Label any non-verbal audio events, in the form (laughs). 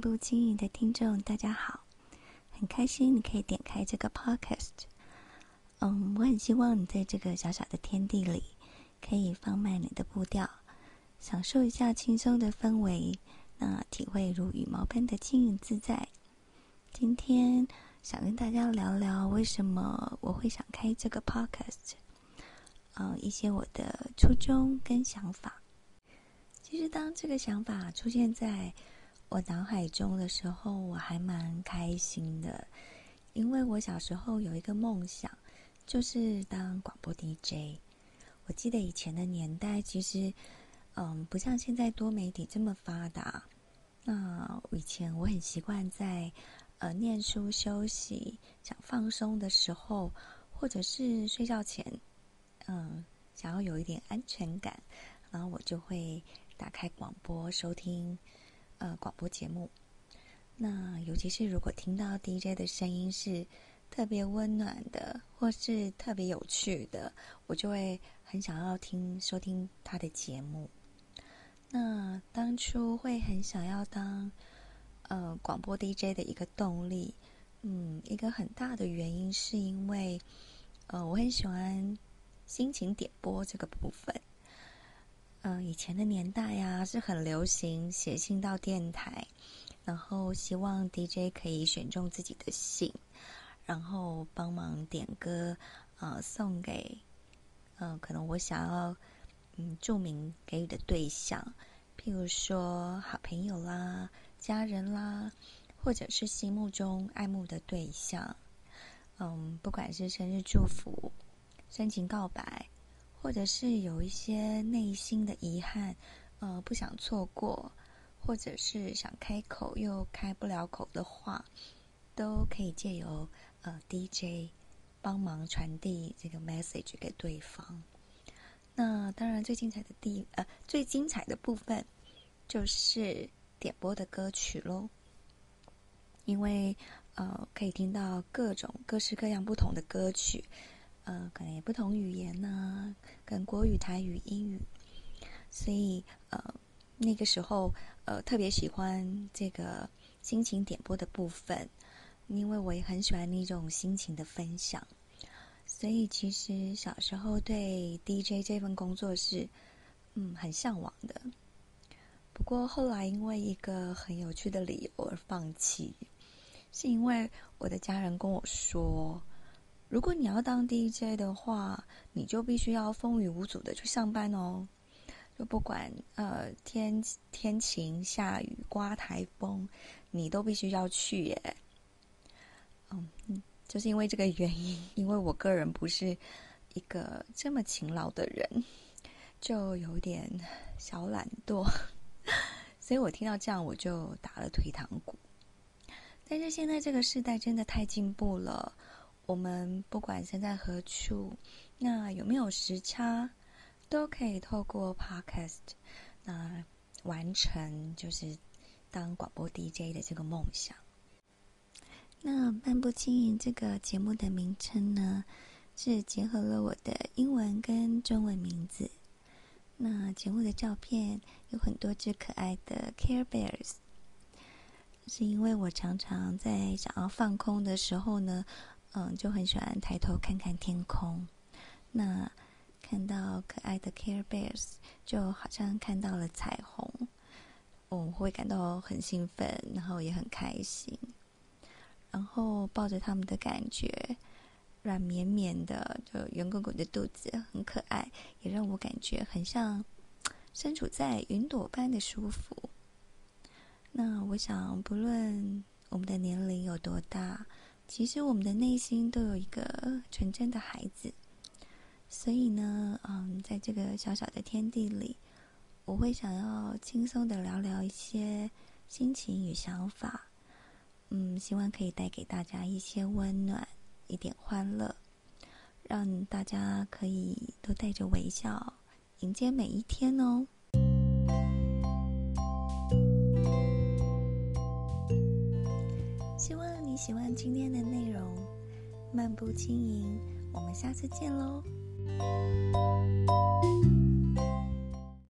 不輕盈的聽眾，大家好，很開心你可以點開這個 podcast。嗯，我很希望你在這個小小的天地裡可以放慢你的步調，享受一下輕鬆的氛圍，那體會如羽毛般的輕盈自在。今天想跟大家聊聊，為什麼我會想開這個 podcast？嗯，一些我的初衷跟想法。其實，當這個想法出現在……我腦海中的時候，我還蠻開心的，因為我小時候有一個夢想，就是當廣播 DJ。我記得以前的年代，其實嗯，不像現在多媒體這麼發達。那、嗯、以前我很習慣在呃唸書、休息、想放鬆的時候，或者是睡覺前，嗯，想要有一點安全感，然後我就會打開廣播收聽。呃，廣播節目。那尤其是如果聽到 DJ 的聲音是特別溫暖的，或是特別有趣的，我就會很想要聽收聽他的節目。那當初會很想要當呃廣播 DJ 的一個動力，嗯，一個很大的原因是因為呃我很喜歡心情點播這個部分。嗯，以前的年代呀，啊，是很流行寫信到電臺，然後希望 DJ 可以選中自己的信，然後幫忙點歌，呃，送給，嗯，呃，可能我想要嗯註明給予的對象，譬如說好朋友啦、家人啦，或者是心目中愛慕的對象，嗯，不管是生日祝福、深情告白。或者是有一些內心的遺憾，呃，不想錯過，或者是想開口又開不了口的話，都可以借由呃 DJ 幫忙傳遞這個 message 給對方。那當然，最精彩的地呃、啊、最精彩的部分就是點播的歌曲嘍，因為呃可以聽到各種各式各樣不同的歌曲。呃，可能也不同語言呢、啊，跟國語、台語、英語，所以呃，那個時候呃特別喜歡這個心情點播的部分，因為我也很喜歡那種心情的分享。所以其實小時候對 DJ 這份工作是嗯很向往的，不過後來因為一個很有趣的理由而放棄，是因為我的家人跟我說。如果你要當 DJ 的話，你就必須要風雨無阻的去上班哦。就不管呃天天晴、下雨、颳颱風，你都必須要去耶嗯。嗯，就是因為這個原因，因為我個人不是一個這麼勤勞的人，就有點小懶惰， (laughs) 所以我聽到這樣我就打了退堂鼓。但是現在這個世代真的太進步了。我們不管身在何處，那有沒有時差，都可以透過 podcast 那、呃、完成，就是當廣播 DJ 的這個夢想。那漫步輕盈這個節目的名稱呢，是結合了我的英文跟中文名字。那節目的照片有很多隻可愛的 Care Bears，就是因為我常常在想要放空的時候呢。嗯，就很喜歡抬頭看看天空，那看到可愛的 Care Bears，就好像看到了彩虹，我會感到很興奮，然後也很開心，然後抱着他們的感覺，軟綿綿的，就圓滾滾的肚子很可愛，也讓我感覺很像身處在雲朵般的舒服。那我想，不論我們的年齡有多大。其實我們的內心都有一個純真的孩子，所以呢，嗯，在這個小小的天地裡，我會想要輕鬆的聊聊一些心情與想法，嗯，希望可以帶給大家一些溫暖，一點歡樂，讓大家可以都帶着微笑迎接每一天哦。希望。喜歡今天的內容，漫步輕盈，我們下次見嘍。